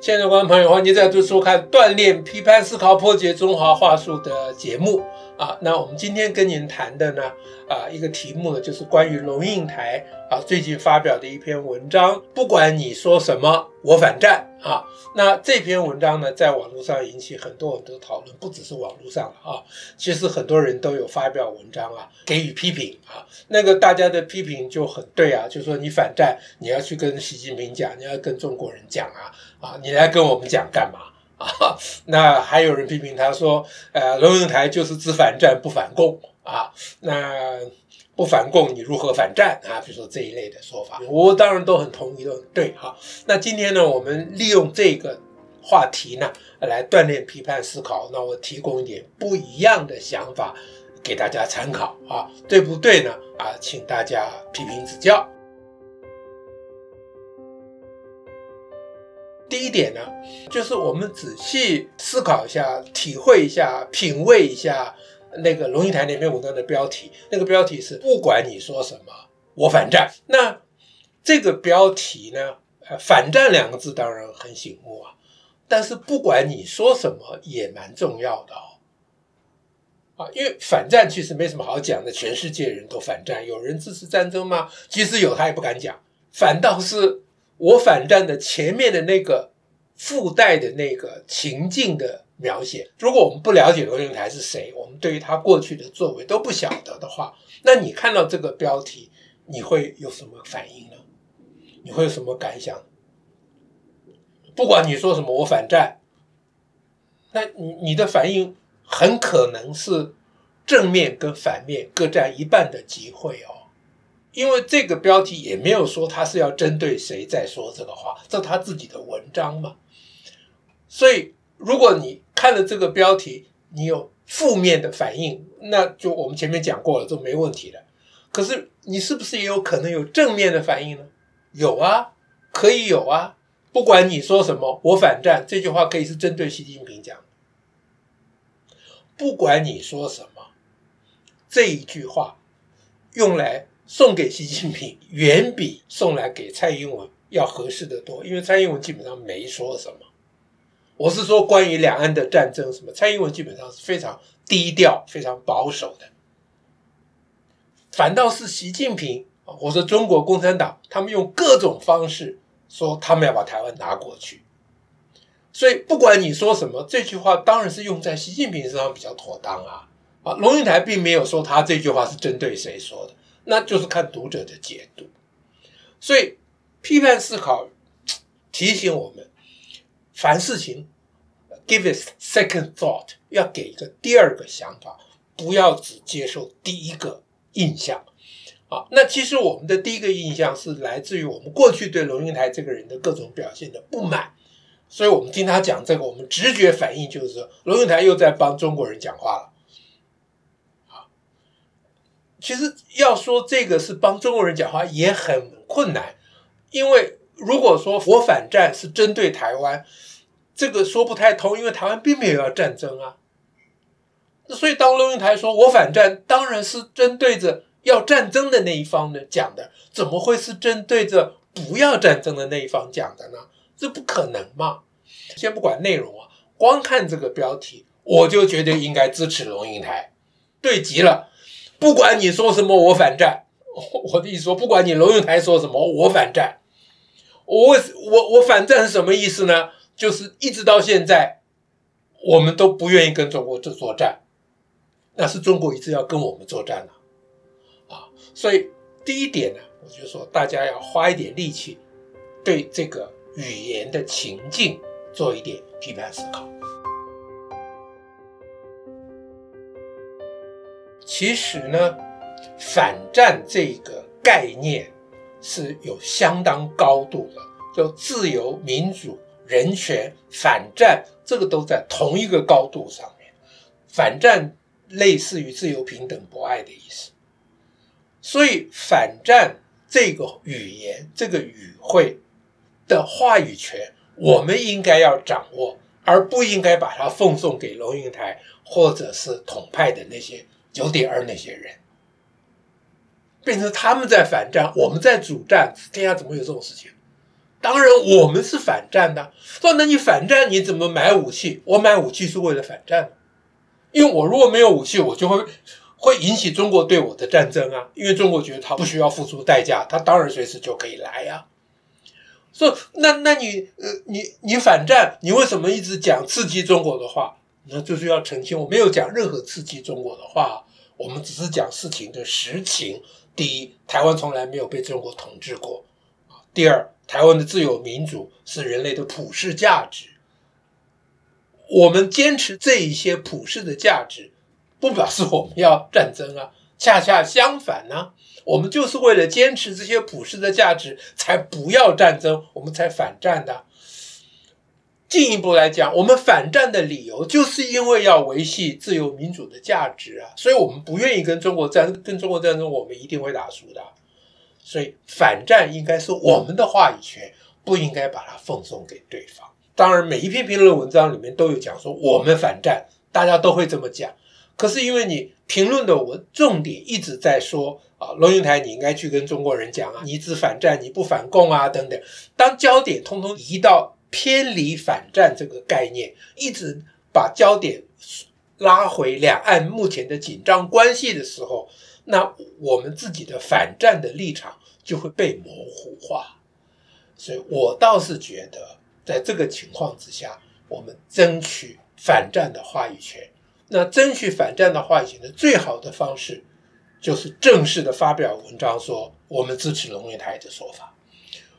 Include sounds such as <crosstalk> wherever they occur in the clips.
親愛的觀眾朋友，歡迎您再度收看《鍛鍊批判思考，破解中華話術》的節目。啊，那我們今天跟您談的呢，啊，一個題目呢，就是關於龍應台啊最近發表的一篇文章，不管你說什麼，我反戰啊。那這篇文章呢，在網絡上引起很多很多討論，不只是網絡上了啊，其實很多人都有發表文章啊，給予批評啊。那個大家的批評就很對啊，就說你反戰，你要去跟習近平講，你要跟中國人講啊，啊，你來跟我們講幹嘛？啊， <laughs> 那還有人批評他說，呃，龍應台就是只反戰不反共啊，那不反共你如何反戰啊？比如說這一類的說法，我當然都很同意，都很對哈、啊。那今天呢，我們利用這個話題呢，來鍛鍊批判思考。那我提供一點不一樣的想法給大家參考啊，對不對呢？啊，請大家批評指教。第一點呢，就是我們仔細思考一下、體會一下、品味一下那個龍應台那篇文章的標題。那個標題是“不管你說什麼，我反戰”那。那這個標題呢，呃，“反戰”兩個字當然很醒目啊。但是“不管你說什麼”也蠻重要的哦。啊，因為反戰其實沒什麼好講的，全世界人都反戰。有人支持戰爭嗎？即使有，他也不敢講。反倒是。我反戰的前面的那個附帶的那個情境的描寫，如果我們不了解龍應台是誰，我們對於他過去的作為都不曉得的話，那你看到這個標題，你會有什麼反應呢？你會有什麼感想？不管你說什麼，我反戰。那你你的反應很可能是正面跟反面各佔一半的機會哦。因為這個標題也沒有說他是要針對誰在說這個話，這是他自己的文章嘛。所以，如果你看了這個標題，你有負面的反應，那就我們前面講過了，就沒問題了。可是，你是不是也有可能有正面的反應呢？有啊，可以有啊。不管你說什麼，我反戰，這句話可以是針對習近平講的。不管你說什麼，這一句話用來。送給習近平遠比送來給蔡英文要合適得多，因為蔡英文基本上沒說什麼。我是說關於兩岸的戰爭什麼，蔡英文基本上是非常低調、非常保守的。反倒是習近平，我或者中國共產黨，他們用各種方式說他們要把台灣拿過去。所以不管你說什麼，這句話當然是用在習近平身上比較妥當啊。啊，龍應台並沒有說他這句話是針對誰說的。那就是看讀者的解讀，所以批判思考提醒我們，凡事情 give it second thought 要給一個第二個想法，不要只接受第一個印象。好，那其實我們的第一個印象是來自於我們過去對龍應台這個人的各種表現的不滿，所以我們聽他講這個，我們直覺反應就是說龍應台又在幫中國人講話了。其實要說這個是幫中國人講話也很困難，因為如果說我反戰是針對台灣，這個說不太通，因為台灣並沒有要戰爭啊。所以當龍應台說我反戰，當然是針對着要戰爭的那一方的講的，怎麼會是針對着不要戰爭的那一方講的呢？這不可能嘛！先不管內容啊，光看這個標題，我就覺得應該支持龍應台，對極了。不管你說什麼，我反戰。我的意思說，不管你龍應台說什麼，我反戰。我我我反戰是什麼意思呢？就是一直到現在，我們都不願意跟中國做作戰，那是中國一直要跟我們作戰呢啊，啊，所以第一點呢，我就說大家要花一點力氣，對這個語言的情境做一點批判思考。其實呢，反戰這個概念是有相當高度的，就自由、民主、人權，反戰這個都在同一個高度上面。反戰類似於自由、平等、博愛的意思，所以反戰這個語言、這個語彙的話語權，我們應該要掌握，而不應該把它奉送給龍應台或者是統派的那些，九點二那些人變成他們在反戰，我們在主戰，天下怎麼有這種事情？當然我們是反戰的。說，那你反戰，你怎麼買武器？我買武器是為了反戰的，因為我如果沒有武器，我就會會引起中國對我的戰爭啊！因為中國覺得他不需要付出代價，他當然隨時就可以來啊。說，那那你呃你你反戰，你為什麼一直講刺激中國的話？那就是要澄清，我沒有講任何刺激中國的話，我們只是講事情的實情。第一，台灣從來沒有被中國統治過。第二，台灣的自由民主是人類的普世價值。我們堅持這一些普世的價值，不表示我們要戰爭啊，恰恰相反呢、啊，我們就是為了堅持這些普世的價值，才不要戰爭，我們才反戰的、啊。進一步來講，我們反戰的理由就是因為要維繫自由民主的價值啊，所以我們不願意跟中國戰，跟中國戰爭我們一定會打輸的，所以反戰應該是我們的話語權，嗯、不應該把它奉送給對方。當然，每一篇評論文章裡面都有講說我們反戰，大家都會這麼講，可是因為你評論的，文重點一直在說啊，龍應台，你應該去跟中國人講啊，你只反戰，你不反共啊，等等，當焦點通通移到，偏離反戰這個概念，一直把焦點拉回兩岸目前的緊張關係的時候，那我們自己的反戰的立場就會被模糊化。所以我倒是覺得，在這個情況之下，我們爭取反戰的話語權。那爭取反戰的話語權的最好的方式，就是正式的發表文章，說我們支持龍應台的說法。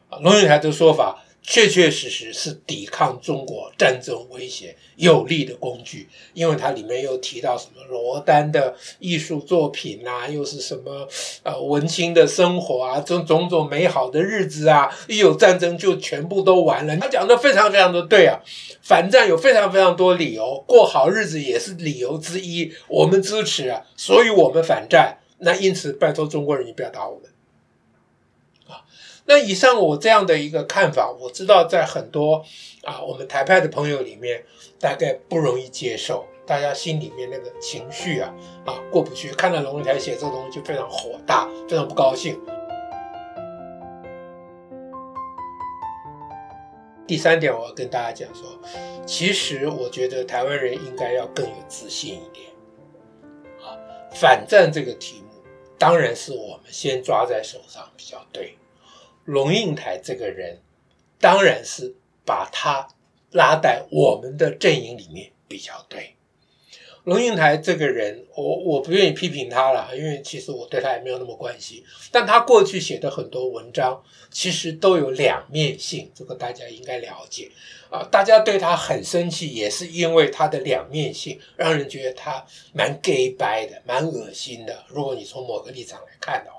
啊，龍應台的說法。確確實實是抵抗中國戰爭威脅有力的工具，因為它裡面又提到什麼羅丹的藝術作品吶、啊，又是什麼呃文青的生活啊，種種種美好的日子啊，一有戰爭就全部都完了。他講的非常非常的對啊，反戰有非常非常多理由，過好日子也是理由之一，我們支持啊，所以我們反戰。那因此，拜托中國人，你不要打我們。那以上我這樣的一個看法，我知道在很多啊，我們台派的朋友裡面，大概不容易接受，大家心裡面那個情緒啊啊過不去，看到龍應台寫這東西就非常火大，非常不高興。第三點，我要跟大家講說，其實我覺得台灣人應該要更有自信一點。啊，反戰這個題目，當然是我們先抓在手上比較對。龍應台這個人，當然是把他拉在我們的陣營裡面比較對。龍應台這個人，我我不願意批評他了，因為其實我對他也沒有那麼關心。但他過去寫的很多文章，其實都有兩面性，這個大家應該了解啊。大家對他很生氣，也是因為他的兩面性，讓人覺得他蠻假掰的，蠻噁心的。如果你從某個立場來看的話，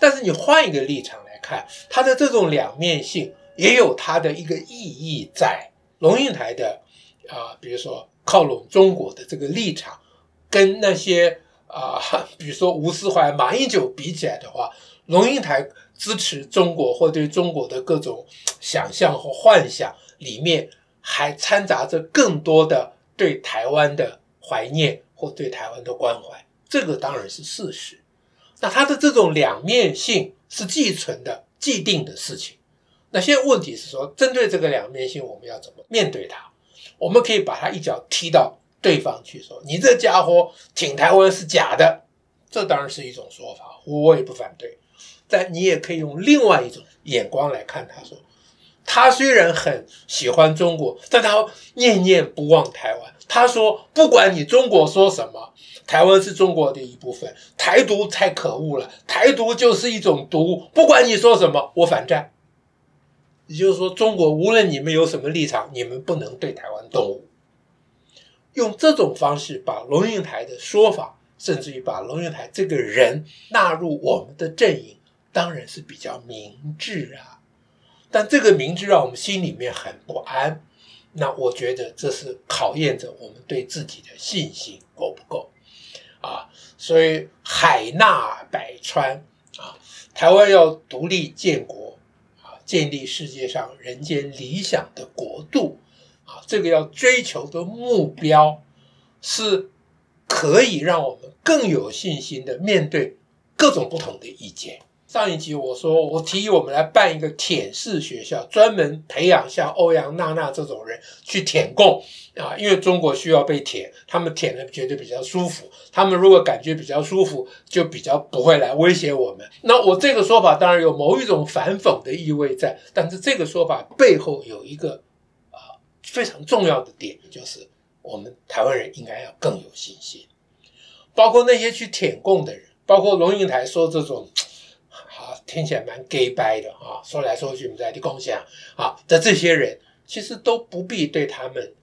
但是你換一個立場來。看它的這種兩面性，也有它的一個意義在。龍應台的啊、呃，比如說靠攏中國的這個立場，跟那些啊、呃，比如說吳斯懷、馬英九比起來的話，龍應台支持中國或對中國的各種想象和幻想，裡面還摻雜着更多的對台灣的懷念或對台灣的關懷，這個當然是事實。那他的這種兩面性是既存的、既定的事情。那現在問題是說，針對這個兩面性，我們要怎麼面對它？我們可以把它一腳踢到對方去，說你這家伙挺台灣是假的，這當然是一種說法，我也不反對。但你也可以用另外一種眼光來看他，說他雖然很喜歡中國，但他念念不忘台灣。他說：“不管你中國說什麼，台灣是中國的一部分。台獨太可惡了，台獨就是一種毒。不管你說什麼，我反戰。也就是說，中國無論你們有什麼立場，你們不能對台灣動武。用這種方式把龍應台的說法，甚至於把龍應台這個人納入我們的陣營，當然是比較明智啊。但這個明智讓我們心裡面很不安。”那我覺得這是考驗着我們對自己的信心夠不夠啊，所以海納百川啊，台灣要獨立建國啊，建立世界上人間理想的國度啊，這個要追求的目標是可以讓我們更有信心的面對各種不同的意見。上一集我說，我提議我們來辦一個舔式學校，專門培養像歐陽娜娜這種人去舔共啊，因為中國需要被舔，他們舔了覺得比較舒服，他們如果感覺比較舒服，就比較不會來威脅我們。那我這個說法當然有某一種反諷的意味在，但是這個說法背後有一個啊、呃、非常重要的點，就是我們台灣人應該要更有信心，包括那些去舔共的人，包括龍應台說這種。聽起來蠻假掰的啊，說來說去我們在這共三小啊，那這些人其實都不必對他們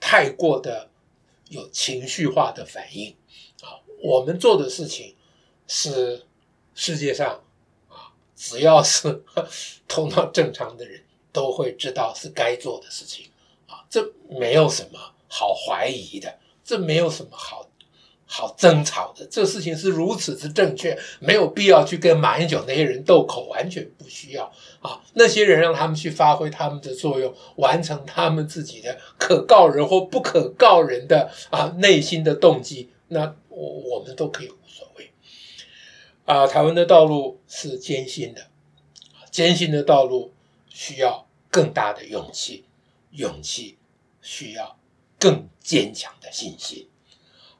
太過的有情緒化的反應啊。我們做的事情是世界上啊，只要是頭腦正常的人都會知道是該做的事情啊，這沒有什麼好懷疑的，這沒有什麼好。好爭吵的這事情是如此之正確，沒有必要去跟馬英九那些人鬥口，完全不需要啊！那些人讓他們去發揮他們的作用，完成他們自己的可告人或不可告人的啊內心的動機，那我我們都可以無所謂。啊，台灣的道路是艱辛的，艱辛的道路需要更大的勇氣，勇氣需要更堅強的信心。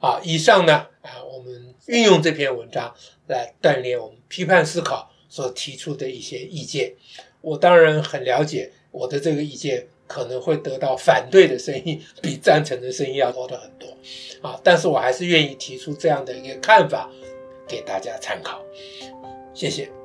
啊，以上呢，啊，我們運用這篇文章來鍛鍊我們批判思考所提出的一些意見。我當然很了解，我的這個意見可能會得到反對的聲音比贊成的聲音要多得很多。啊，但是我還是願意提出這樣的一個看法，給大家參考。謝謝。